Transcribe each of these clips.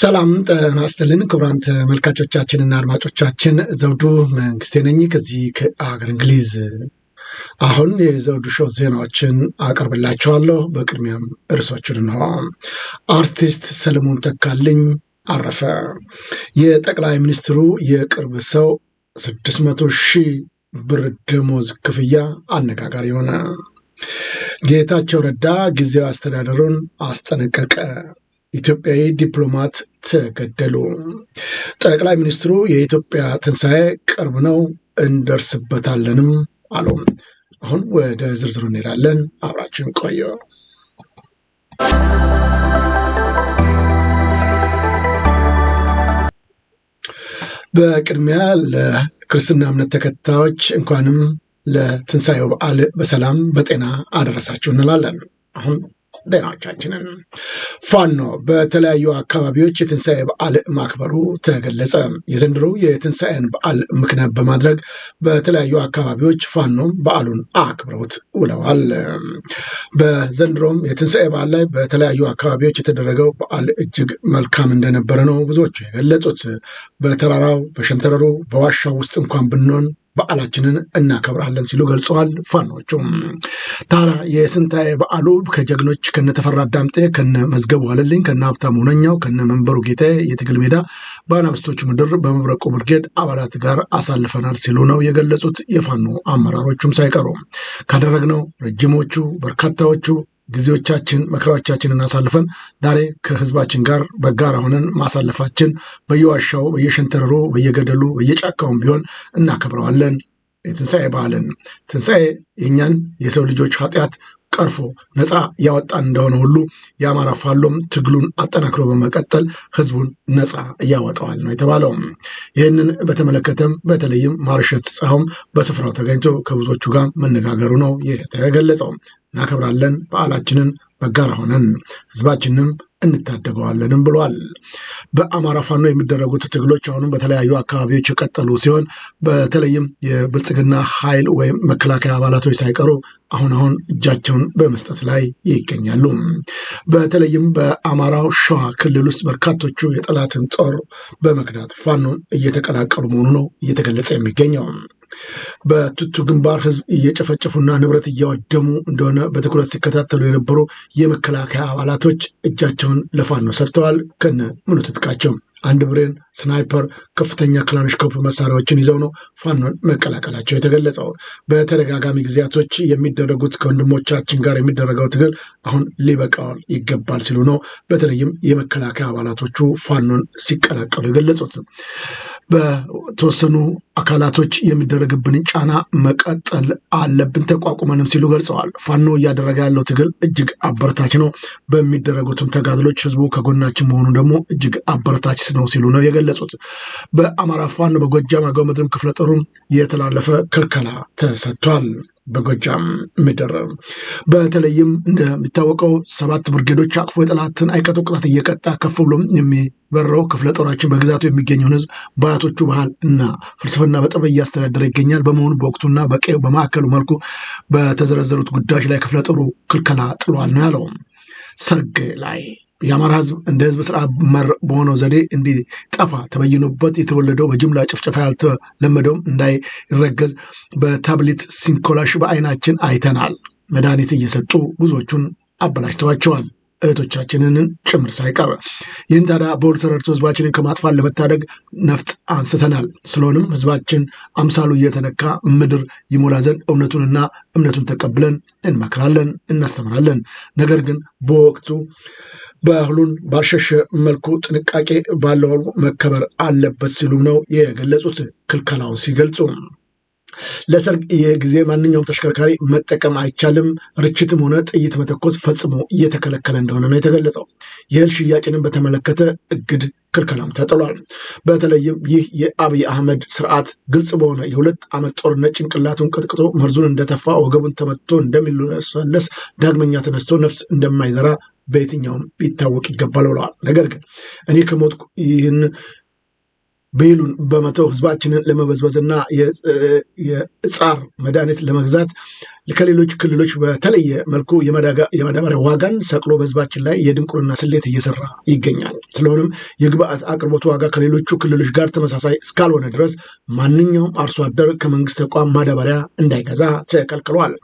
ሰላም ጤና ይስጥልን ክቡራን ተመልካቾቻችንና አድማጮቻችን ዘውዱ መንግስቴ ነኝ ከዚህ ከአገር እንግሊዝ። አሁን የዘውዱ ሾው ዜናዎችን አቀርብላችኋለሁ። በቅድሚያም እርሶችን እንሆ። አርቲስት ሰለሞን ተካልኝ አረፈ። የጠቅላይ ሚኒስትሩ የቅርብ ሰው 600 ሺህ ብር ደሞዝ ክፍያ አነጋጋሪ ሆነ። ጌታቸው ረዳ ጊዜያዊ አስተዳደሩን አስጠነቀቀ። ኢትዮጵያዊ ዲፕሎማት ተገደሉ። ጠቅላይ ሚኒስትሩ የኢትዮጵያ ትንሣኤ ቅርብ ነው እንደርስበታለንም አሉ። አሁን ወደ ዝርዝሩ እንሄዳለን። አብራችን ቆየ። በቅድሚያ ለክርስትና እምነት ተከታዮች እንኳንም ለትንሣኤው በዓል በሰላም በጤና አደረሳችሁ እንላለን። አሁን ዜናዎቻችንን ፋኖ በተለያዩ አካባቢዎች የትንሣኤ በዓል ማክበሩ ተገለጸ። የዘንድሮ የትንሣኤን በዓል ምክንያት በማድረግ በተለያዩ አካባቢዎች ፋኖም በዓሉን አክብረውት ውለዋል። በዘንድሮም የትንሣኤ በዓል ላይ በተለያዩ አካባቢዎች የተደረገው በዓል እጅግ መልካም እንደነበረ ነው ብዙዎቹ የገለጹት። በተራራው፣ በሸንተረሩ፣ በዋሻው ውስጥ እንኳን ብንሆን በዓላችንን እናከብራለን ሲሉ ገልጸዋል። ፋኖቹ ታራ የስንታዬ በዓሉ ከጀግኖች ከነተፈራ ዳምጤ ከነ መዝገቡ አለልኝ ከነ ሀብታም ሁነኛው ከነ መንበሩ ጌታ የትግል ሜዳ በአናብስቶች ምድር በመብረቁ ብርጌድ አባላት ጋር አሳልፈናል ሲሉ ነው የገለጹት። የፋኖ አመራሮቹም ሳይቀሩ ካደረግነው ረጅሞቹ በርካታዎቹ ጊዜዎቻችን መከራዎቻችንን አሳልፈን ዛሬ ከህዝባችን ጋር በጋራ ሆነን ማሳለፋችን በየዋሻው፣ በየሸንተረሩ፣ በየገደሉ፣ በየጫካውም ቢሆን እናከብረዋለን የትንሣኤ በዓልን። ትንሣኤ የእኛን የሰው ልጆች ኃጢአት ቀርፎ ነፃ ያወጣን እንደሆነ ሁሉ የአማራ ፋሎም ትግሉን አጠናክሮ በመቀጠል ህዝቡን ነፃ ያወጣዋል ነው የተባለው። ይህንን በተመለከተም በተለይም ማርሸት ፀሐዩም በስፍራው ተገኝቶ ከብዙዎቹ ጋር መነጋገሩ ነው የተገለጸው። እናከብራለን በዓላችንን በጋራ ሆነን ህዝባችንም እንታደገዋለንም ብሏል። በአማራ ፋኖ የሚደረጉት ትግሎች አሁንም በተለያዩ አካባቢዎች የቀጠሉ ሲሆን በተለይም የብልጽግና ኃይል ወይም መከላከያ አባላቶች ሳይቀሩ አሁን አሁን እጃቸውን በመስጠት ላይ ይገኛሉ። በተለይም በአማራው ሸዋ ክልል ውስጥ በርካቶቹ የጠላትን ጦር በመክዳት ፋኖን እየተቀላቀሉ መሆኑ ነው እየተገለጸ የሚገኘው። በቱቱ ግንባር ህዝብ እየጨፈጨፉና ንብረት እያወደሙ እንደሆነ በትኩረት ሲከታተሉ የነበሩ የመከላከያ አባላቶች እጃቸውን ለፋኖ ሰጥተዋል። ከነ ምኑ ትጥቃቸው አንድ ብሬን፣ ስናይፐር፣ ከፍተኛ ክላንሽኮፕ መሳሪያዎችን ይዘው ነው ፋኖን መቀላቀላቸው የተገለጸው። በተደጋጋሚ ጊዜያቶች የሚደረጉት ከወንድሞቻችን ጋር የሚደረገው ትግል አሁን ሊበቃል ይገባል ሲሉ ነው በተለይም የመከላከያ አባላቶቹ ፋኖን ሲቀላቀሉ የገለጹት በተወሰኑ አካላቶች የሚደረግብንን ጫና መቀጠል አለብን ተቋቁመንም ሲሉ ገልጸዋል። ፋኖ እያደረገ ያለው ትግል እጅግ አበረታች ነው። በሚደረጉትም ተጋድሎች ህዝቡ ከጎናችን መሆኑ ደግሞ እጅግ አበረታች ነው ሲሉ ነው የገለጹት። በአማራ ፋኖ በጎጃም አገው ምድርም ክፍለ ጦሩ የተላለፈ ክልከላ ተሰጥቷል። በጎጃም ምድር በተለይም እንደሚታወቀው ሰባት ብርጌዶች አቅፎ የጠላትን አይቀጡ ቅጣት እየቀጣ ከፍ ብሎም የሚበረው ክፍለ ጦራችን በግዛቱ የሚገኘውን ህዝብ በአያቶቹ ባህል እና ፍልስፍና በጠበ እያስተዳደረ ይገኛል። በመሆኑ በወቅቱና በቀዩ በማዕከሉ መልኩ በተዘረዘሩት ጉዳዮች ላይ ክፍለ ጦሩ ክልከላ ጥሏል ነው ያለው ሰርግ ላይ የአማራ ህዝብ እንደ ህዝብ ስራ መር በሆነው ዘዴ እንዲጠፋ ተበይኖበት የተወለደው በጅምላ ጭፍጨፋ ያልተለመደውም እንዳይረገዝ በታብሌት ሲንኮላሽ በአይናችን አይተናል። መድኃኒት እየሰጡ ብዙዎቹን አበላሽተዋቸዋል፣ እህቶቻችንን ጭምር ሳይቀር። ይህን ታዲያ በውል ተረድቶ ህዝባችንን ከማጥፋት ለመታደግ ነፍጥ አንስተናል። ስለሆንም ህዝባችን አምሳሉ እየተነካ ምድር ይሞላ ዘንድ እውነቱንና እምነቱን ተቀብለን እንመክራለን፣ እናስተምራለን። ነገር ግን በወቅቱ ባህሉን ባልሸሸ መልኩ ጥንቃቄ ባለው መከበር አለበት ሲሉም ነው የገለጹት ክልከላውን ሲገልጹ ለሰርግ የጊዜ ማንኛውም ተሽከርካሪ መጠቀም አይቻልም። ርችትም ሆነ ጥይት መተኮስ ፈጽሞ እየተከለከለ እንደሆነ ነው የተገለጸው። የእህል ሽያጭንም በተመለከተ እግድ ክልከላም ተጥሏል። በተለይም ይህ የአብይ አህመድ ስርዓት ግልጽ በሆነ የሁለት ዓመት ጦርነት ጭንቅላቱን ቀጥቅጦ መርዙን እንደተፋ ወገቡን ተመትቶ እንደሚለሰለስ ዳግመኛ ተነስቶ ነፍስ እንደማይዘራ በየትኛውም ቢታወቅ ይገባል ብለዋል። ነገር ግን እኔ ከሞትኩ ይህን ቤሉን በመተው ህዝባችንን ለመበዝበዝና የጻር መድኃኒት ለመግዛት ከሌሎች ክልሎች በተለየ መልኩ የማዳበሪያ ዋጋን ሰቅሎ በህዝባችን ላይ የድንቁርና ስሌት እየሰራ ይገኛል። ስለሆነም የግብአት አቅርቦት ዋጋ ከሌሎቹ ክልሎች ጋር ተመሳሳይ እስካልሆነ ድረስ ማንኛውም አርሶ አደር ከመንግስት ተቋም ማዳበሪያ እንዳይገዛ ተከልክሏል።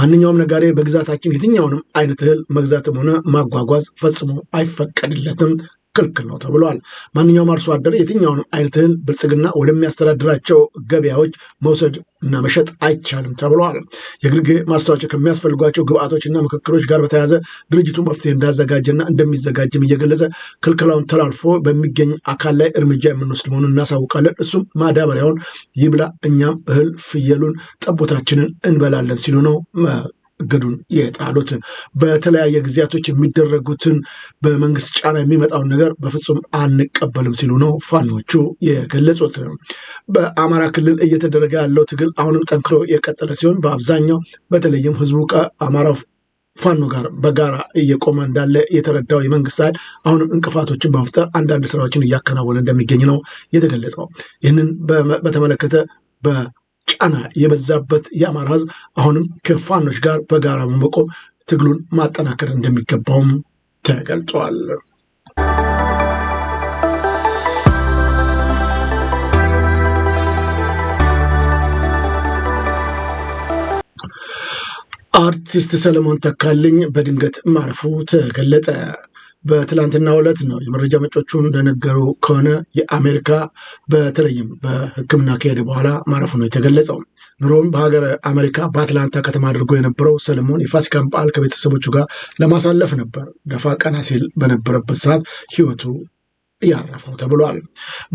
ማንኛውም ነጋዴ በግዛታችን የትኛውንም አይነት እህል መግዛትም ሆነ ማጓጓዝ ፈጽሞ አይፈቀድለትም ክልክል ነው ተብሏል። ማንኛውም አርሶ አደር የትኛውንም አይነት እህል ብልጽግና ወደሚያስተዳድራቸው ገበያዎች መውሰድ እና መሸጥ አይቻልም ተብሏል። የግርጌ ማስታወቂያ ከሚያስፈልጓቸው እና ምክክሮች ጋር በተያያዘ ድርጅቱ መፍትሄ እንዳዘጋጀና እንደሚዘጋጅም እየገለጸ ክልክላውን ተላልፎ በሚገኝ አካል ላይ እርምጃ የምንወስድ መሆኑን እናሳውቃለን። እሱም ማዳበሪያውን ይብላ፣ እኛም እህል ፍየሉን፣ ጠቦታችንን እንበላለን ሲሉ ነው እገዱን የጣሉት በተለያየ ጊዜያቶች የሚደረጉትን በመንግስት ጫና የሚመጣውን ነገር በፍጹም አንቀበልም ሲሉ ነው ፋኖቹ የገለጹት። በአማራ ክልል እየተደረገ ያለው ትግል አሁንም ጠንክሮ የቀጠለ ሲሆን በአብዛኛው በተለይም ህዝቡ ከአማራ ፋኖ ጋር በጋራ እየቆመ እንዳለ የተረዳው የመንግስት ኃይል አሁንም እንቅፋቶችን በመፍጠር አንዳንድ ስራዎችን እያከናወነ እንደሚገኝ ነው የተገለጸው። ይህንን በተመለከተ ጫና የበዛበት የአማራ ህዝብ አሁንም ከፋኖች ጋር በጋራ በመቆም ትግሉን ማጠናከር እንደሚገባውም ተገልጿል። አርቲስት ሰለሞን ተካልኝ በድንገት ማረፉ ተገለጠ። በትላንትና ዕለት ነው የመረጃ ምንጮቹ እንደነገሩ ከሆነ የአሜሪካ በተለይም በሕክምና ከሄደ በኋላ ማረፉ ነው የተገለጸው። ኑሮውን በሀገር አሜሪካ በአትላንታ ከተማ አድርጎ የነበረው ሰለሞን የፋሲካን በዓል ከቤተሰቦቹ ጋር ለማሳለፍ ነበር ደፋ ቀና ሲል በነበረበት ሰዓት ህይወቱ ያረፈው ተብሏል።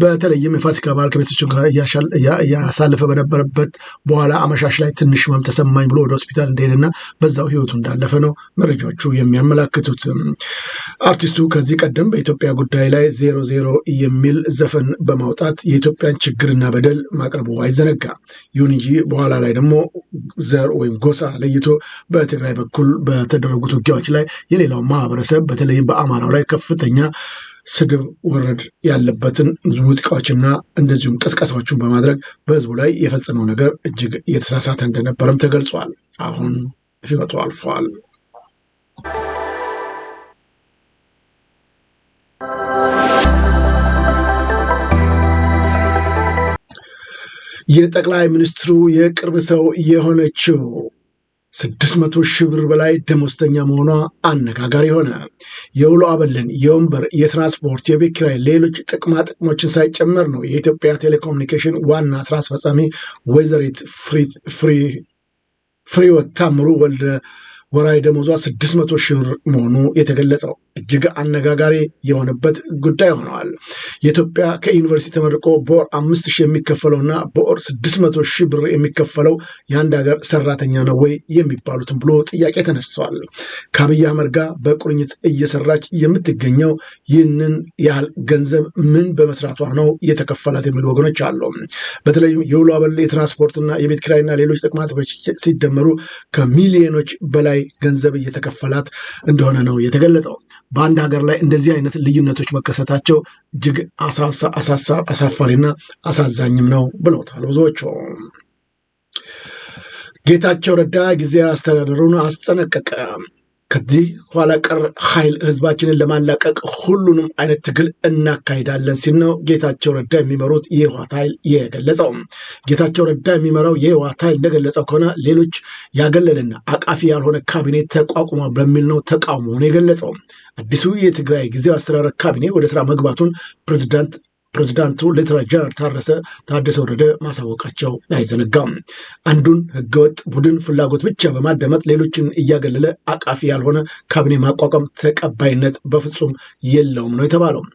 በተለይም የፋሲካ በዓል ከቤተሰቦቹ ጋር እያሳለፈ በነበረበት በኋላ አመሻሽ ላይ ትንሽ ህመም ተሰማኝ ብሎ ወደ ሆስፒታል እንደሄደና በዛው ህይወቱ እንዳለፈ ነው መረጃዎቹ የሚያመላክቱት። አርቲስቱ ከዚህ ቀደም በኢትዮጵያ ጉዳይ ላይ ዜሮ ዜሮ የሚል ዘፈን በማውጣት የኢትዮጵያን ችግርና በደል ማቅረቡ አይዘነጋ። ይሁን እንጂ በኋላ ላይ ደግሞ ዘር ወይም ጎሳ ለይቶ በትግራይ በኩል በተደረጉት ውጊያዎች ላይ የሌላው ማህበረሰብ በተለይም በአማራው ላይ ከፍተኛ ስግብ ወረድ ያለበትን ሙዚቃዎችና እንደዚሁም ቅስቀሳዎችን በማድረግ በህዝቡ ላይ የፈጸመው ነገር እጅግ እየተሳሳተ እንደነበረም ተገልጿል። አሁን ህይወቱ አልፏል። የጠቅላይ ሚኒስትሩ የቅርብ ሰው የሆነችው 600 ሺህ ብር በላይ ደሞዝተኛ መሆኗ አነጋጋሪ ሆነ። የውሎ አበልን፣ የወንበር፣ የትራንስፖርት፣ የቤት ኪራይ፣ ሌሎች ጥቅማ ጥቅሞችን ሳይጨመር ነው የኢትዮጵያ ቴሌኮሙኒኬሽን ዋና ስራ አስፈጻሚ ወይዘሪት ፍሪወት ታምሩ ወልደ ወራዊ ደሞዟ 600 ሺህ ብር መሆኑ የተገለጸው እጅግ አነጋጋሪ የሆነበት ጉዳይ ሆነዋል። የኢትዮጵያ ከዩኒቨርሲቲ ተመርቆ በወር አምስት ሺህ የሚከፈለውና በወር 600 ሺህ ብር የሚከፈለው የአንድ ሀገር ሰራተኛ ነው ወይ የሚባሉትን ብሎ ጥያቄ ተነስተዋል። ከአብይ አህመድ ጋር በቁርኝት እየሰራች የምትገኘው ይህንን ያህል ገንዘብ ምን በመስራቷ ነው የተከፈላት የሚሉ ወገኖች አሉ። በተለይም የውሎ አበል የትራንስፖርትና የቤት ኪራይና ሌሎች ጥቅማ ሲደመሩ ከሚሊዮኖች በላይ ላይ ገንዘብ እየተከፈላት እንደሆነ ነው የተገለጠው። በአንድ ሀገር ላይ እንደዚህ አይነት ልዩነቶች መከሰታቸው እጅግ አሳፋሪና አሳዛኝም ነው ብለውታል ብዙዎቹ። ጌታቸው ረዳ ጊዜያዊ አስተዳደሩን አስጠነቀቀ። ከዚህ ኋላ ቀር ኃይል ህዝባችንን ለማላቀቅ ሁሉንም አይነት ትግል እናካሄዳለን ሲል ነው ጌታቸው ረዳ የሚመሩት የህዋት ኃይል የገለጸው። ጌታቸው ረዳ የሚመራው የህዋት ኃይል እንደገለጸው ከሆነ ሌሎች ያገለልና አቃፊ ያልሆነ ካቢኔ ተቋቁሟ በሚል ነው ተቃውሞውን የገለጸው። አዲሱ የትግራይ ጊዜያዊ አስተዳደር ካቢኔ ወደ ስራ መግባቱን ፕሬዚዳንት ፕሬዚዳንቱ ሌተና ጀነራል ታረሰ ታደሰ ወረደ ማሳወቃቸው አይዘነጋም። አንዱን ህገወጥ ቡድን ፍላጎት ብቻ በማዳመጥ ሌሎችን እያገለለ አቃፊ ያልሆነ ካቢኔ ማቋቋም ተቀባይነት በፍጹም የለውም ነው የተባለው።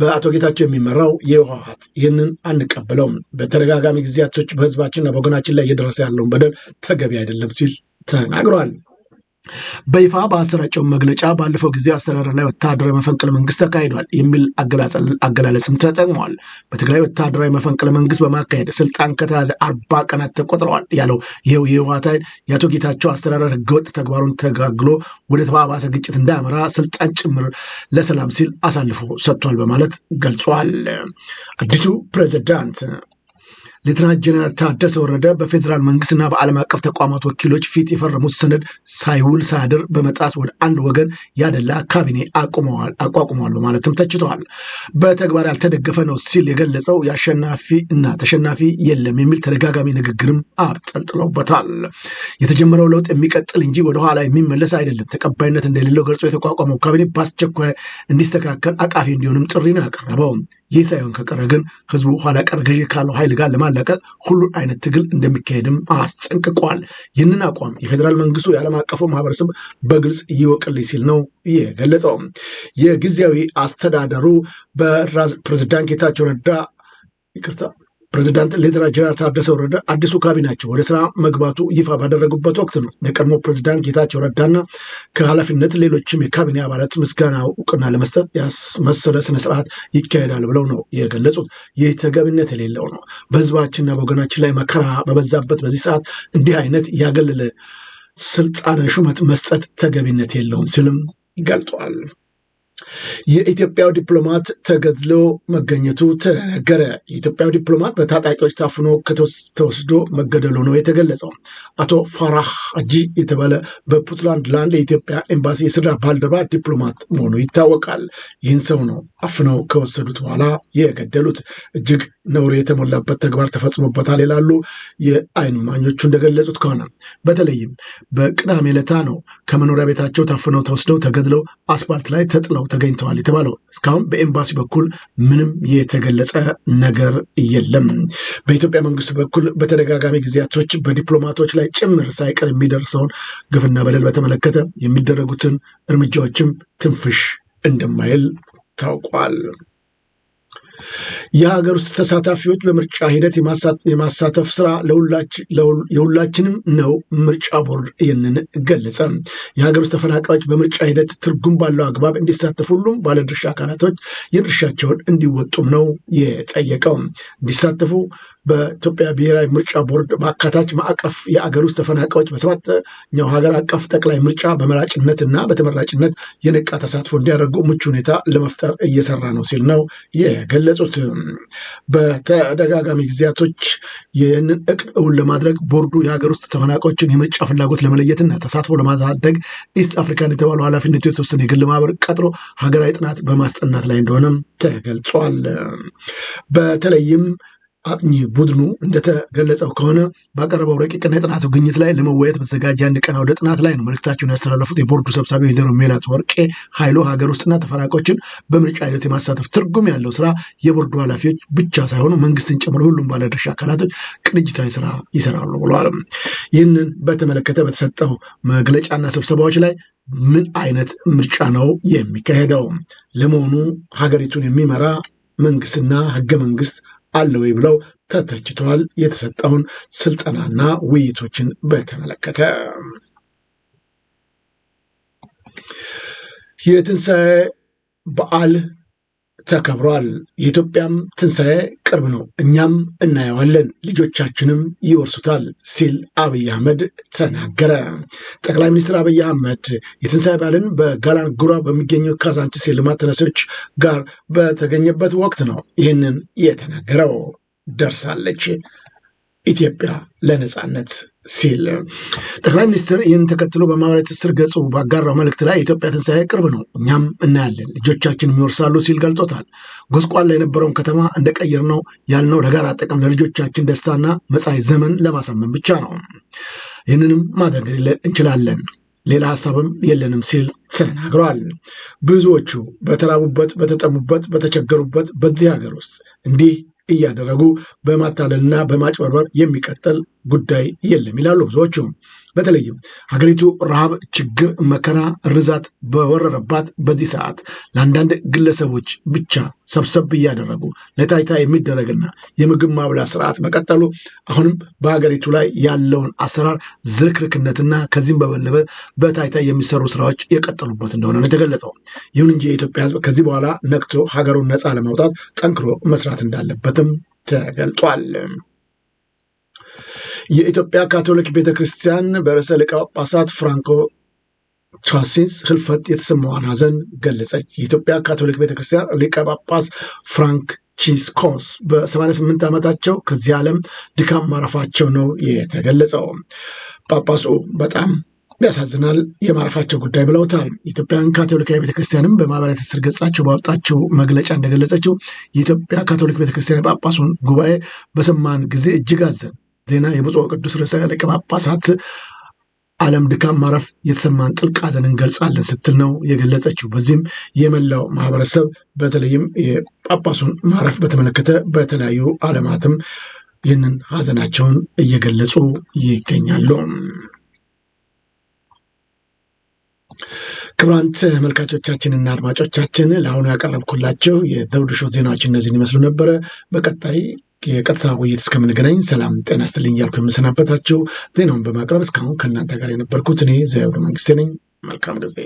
በአቶ ጌታቸው የሚመራው የህወሓት ይህንን አንቀበለውም፣ በተደጋጋሚ ጊዜያቶች በህዝባችንና በወገናችን ላይ እየደረሰ ያለውን በደል ተገቢ አይደለም ሲል ተናግረዋል። በይፋ በአሰራጨው መግለጫ ባለፈው ጊዜ አስተዳደርና ወታደራዊ መፈንቅለ መንግስት ተካሂዷል የሚል አገላለጽም ተጠቅመዋል። በትግራይ ወታደራዊ መፈንቅለ መንግስት በማካሄድ ስልጣን ከተያዘ አርባ ቀናት ተቆጥረዋል ያለው ይኸው የህወሓት ኃይል የአቶ ጌታቸው አስተዳደር ህገወጥ ተግባሩን ተጋግሎ ወደ ተባባሰ ግጭት እንዳያመራ ስልጣን ጭምር ለሰላም ሲል አሳልፎ ሰጥቷል በማለት ገልጿል። አዲሱ ፕሬዚዳንት ሌተናንት ጀነራል ታደሰ ወረደ በፌዴራል መንግስትና በዓለም አቀፍ ተቋማት ወኪሎች ፊት የፈረሙት ሰነድ ሳይውል ሳያድር በመጣስ ወደ አንድ ወገን ያደላ ካቢኔ አቋቁመዋል በማለትም ተችተዋል። በተግባር ያልተደገፈ ነው ሲል የገለጸው የአሸናፊ እና ተሸናፊ የለም የሚል ተደጋጋሚ ንግግርም አብጠልጥለውበታል። የተጀመረው ለውጥ የሚቀጥል እንጂ ወደኋላ የሚመለስ አይደለም ተቀባይነት እንደሌለው ገልጾ የተቋቋመው ካቢኔ በአስቸኳይ እንዲስተካከል አቃፊ እንዲሆንም ጥሪ ነው ያቀረበው። ይህ ሳይሆን ከቀረ ግን ህዝቡ ኋላ ቀር ገዢ ካለው ኃይል ጋር ለማላቀቅ ሁሉን አይነት ትግል እንደሚካሄድም አስጠንቅቋል። ይህንን አቋም የፌዴራል መንግስቱ የዓለም አቀፉ ማህበረሰብ በግልጽ ይወቅልኝ ሲል ነው የገለጸው። የጊዜያዊ አስተዳደሩ ፕሬዚዳንት ጌታቸው ረዳ ይቅርታ ፕሬዚዳንት ሌተና ጀነራል ታደሰ ወረደ አዲሱ ካቢናቸው ወደ ስራ መግባቱ ይፋ ባደረጉበት ወቅት ነው። የቀድሞ ፕሬዚዳንት ጌታቸው ረዳና ከኃላፊነት ሌሎችም የካቢኔ አባላት ምስጋና እውቅና ለመስጠት ያስመሰለ ስነስርዓት ይካሄዳል ብለው ነው የገለጹት። ይህ ተገቢነት የሌለው ነው። በህዝባችንና በወገናችን ላይ መከራ በበዛበት በዚህ ሰዓት እንዲህ አይነት ያገለለ ስልጣነ ሹመት መስጠት ተገቢነት የለውም ሲልም ገልጠዋል። የኢትዮጵያው ዲፕሎማት ተገድሎ መገኘቱ ተነገረ። የኢትዮጵያው ዲፕሎማት በታጣቂዎች ታፍኖ ተወስዶ መገደሉ ነው የተገለጸው። አቶ ፋራህ አጂ የተባለ በፑንትላንድ ላንድ የኢትዮጵያ ኤምባሲ የስራ ባልደረባ ዲፕሎማት መሆኑ ይታወቃል። ይህን ሰው ነው አፍነው ከወሰዱት በኋላ የገደሉት። እጅግ ነውር የተሞላበት ተግባር ተፈጽሞበታል ይላሉ የአይን ማኞቹ እንደገለጹት ከሆነ በተለይም በቅዳሜ ለታ ነው ከመኖሪያ ቤታቸው ታፍነው ተወስደው ተገድለው አስፓልት ላይ ተጥለው ተገኝተዋል የተባለው። እስካሁን በኤምባሲ በኩል ምንም የተገለጸ ነገር የለም። በኢትዮጵያ መንግስት በኩል በተደጋጋሚ ጊዜያቶች በዲፕሎማቶች ላይ ጭምር ሳይቀር የሚደርሰውን ግፍና በደል በተመለከተ የሚደረጉትን እርምጃዎችም ትንፍሽ እንደማይል ታውቋል። የሀገር ውስጥ ተሳታፊዎች በምርጫ ሂደት የማሳተፍ ስራ የሁላችንም ነው ምርጫ ቦርድ ይህንን ገለጸ። የሀገር ውስጥ ተፈናቃዮች በምርጫ ሂደት ትርጉም ባለው አግባብ እንዲሳተፉ ሁሉም ባለድርሻ አካላቶች የድርሻቸውን እንዲወጡም ነው የጠየቀው። እንዲሳተፉ በኢትዮጵያ ብሔራዊ ምርጫ ቦርድ በአካታች ማዕቀፍ የአገር ውስጥ ተፈናቃዮች በሰባተኛው ሀገር አቀፍ ጠቅላይ ምርጫ በመራጭነት እና በተመራጭነት የነቃ ተሳትፎ እንዲያደርጉ ምቹ ሁኔታ ለመፍጠር እየሰራ ነው ሲል ነው የገለጹት። በተደጋጋሚ ጊዜያቶች ይህንን እቅድ እውን ለማድረግ ቦርዱ የሀገር ውስጥ ተፈናቃዮችን የምርጫ ፍላጎት ለመለየትና ተሳትፎ ለማሳደግ ኢስት አፍሪካን የተባለው ኃላፊነቱ የተወሰነ የግል ማህበር ቀጥሮ ሀገራዊ ጥናት በማስጠናት ላይ እንደሆነም ተገልጿል። በተለይም አጥኚ ቡድኑ እንደተገለጸው ከሆነ ባቀረበው ረቂቅና የጥናቱ ግኝት ላይ ለመወያየት በተዘጋጀ አንድ ቀን አውደ ጥናት ላይ ነው መልእክታቸውን ያስተላለፉት። የቦርዱ ሰብሳቢ ወይዘሮ ሜላት ወርቄ ኃይሉ ሀገር ውስጥና ተፈናቃዮችን በምርጫ ሂደት የማሳተፍ ትርጉም ያለው ስራ የቦርዱ ኃላፊዎች ብቻ ሳይሆኑ መንግስትን ጨምሮ ሁሉም ባለድርሻ አካላቶች ቅንጅታዊ ስራ ይሰራሉ ብለዋል። ይህንን በተመለከተ በተሰጠው መግለጫና ስብሰባዎች ላይ ምን አይነት ምርጫ ነው የሚካሄደው? ለመሆኑ ሀገሪቱን የሚመራ መንግስትና ህገ መንግስት አለ ወይ ብለው ተተችተዋል። የተሰጠውን ስልጠናና ውይይቶችን በተመለከተ የትንሣኤ በዓል ተከብሯል። የኢትዮጵያም ትንሣኤ ቅርብ ነው፣ እኛም እናየዋለን፣ ልጆቻችንም ይወርሱታል ሲል አብይ አህመድ ተናገረ። ጠቅላይ ሚኒስትር አብይ አህመድ የትንሣኤ በዓልን ጉራ በሚገኘው ካዛንቺስ የልማት ተነሳሾች ጋር በተገኘበት ወቅት ነው ይህንን የተናገረው። ደርሳለች ኢትዮጵያ ለነፃነት ሲል ጠቅላይ ሚኒስትር ይህን ተከትሎ በማህበራዊ ትስስር ገጹ ባጋራው መልእክት ላይ የኢትዮጵያ ትንሣኤ ቅርብ ነው፣ እኛም እናያለን፣ ልጆቻችን የሚወርሳሉ ሲል ገልጾታል። ጎስቋላ የነበረውን ከተማ እንደቀየር ነው ያልነው ለጋራ ጥቅም ለልጆቻችን ደስታና መጻኢ ዘመን ለማሳመን ብቻ ነው። ይህንንም ማድረግ እንችላለን ሌላ ሀሳብም የለንም ሲል ተናግረዋል። ብዙዎቹ በተራቡበት፣ በተጠሙበት፣ በተቸገሩበት በዚህ ሀገር ውስጥ እንዲህ እያደረጉ በማታለልና በማጭበርበር የሚቀጥል ጉዳይ የለም ይላሉ ብዙዎቹ። በተለይም ሀገሪቱ ረሃብ፣ ችግር፣ መከራ፣ ርዛት በወረረባት በዚህ ሰዓት ለአንዳንድ ግለሰቦች ብቻ ሰብሰብ እያደረጉ ለታይታ የሚደረግና የምግብ ማብላ ስርዓት መቀጠሉ አሁንም በሀገሪቱ ላይ ያለውን አሰራር ዝርክርክነትና ከዚህም በበለበ በታይታ የሚሰሩ ስራዎች የቀጠሉበት እንደሆነ ነው የተገለጸው። ይሁን እንጂ የኢትዮጵያ ህዝብ ከዚህ በኋላ ነቅቶ ሀገሩን ነፃ ለማውጣት ጠንክሮ መስራት እንዳለበትም ተገልጧል። የኢትዮጵያ ካቶሊክ ቤተ ክርስቲያን በርዕሰ ሊቀ ጳጳሳት ፍራንኮ ቻሲስ ህልፈት የተሰማዋን ሐዘን ገለጸች። የኢትዮጵያ ካቶሊክ ቤተክርስቲያን ሊቀ ጳጳስ ፍራንክ ቺስኮስ በ88 ዓመታቸው ከዚህ ዓለም ድካም ማረፋቸው ነው የተገለጸው። ጳጳሱ በጣም ያሳዝናል የማረፋቸው ጉዳይ ብለውታል። ኢትዮጵያን ካቶሊካዊ ቤተክርስቲያንም በማህበራዊ ትስስር ገጻቸው ባወጣቸው መግለጫ እንደገለጸችው የኢትዮጵያ ካቶሊክ ቤተክርስቲያን ጳጳሱን ጉባኤ በሰማን ጊዜ እጅግ አዘን ዜና የብፁዕ ቅዱስ ርዕሰ ሊቀ ጳጳሳት ዓለም ድካም ማረፍ የተሰማን ጥልቅ ሐዘን እንገልጻለን ስትል ነው የገለጸችው። በዚህም የመላው ማህበረሰብ በተለይም የጳጳሱን ማረፍ በተመለከተ በተለያዩ ዓለማትም ይህንን ሐዘናቸውን እየገለጹ ይገኛሉ። ክቡራን ተመልካቾቻችንና አድማጮቻችን ለአሁኑ ያቀረብኩላቸው የዘውዱ ሾው ዜናዎች እነዚህን ይመስሉ ነበረ። በቀጣይ የቀጥታ ውይይት እስከምንገናኝ ሰላም ጤና ይስጥልኝ እያልኩ የምሰናበታቸው ዜናውን በማቅረብ እስካሁን ከእናንተ ጋር የነበርኩት እኔ ዘውዱ መንግስቴ ነኝ። መልካም ጊዜ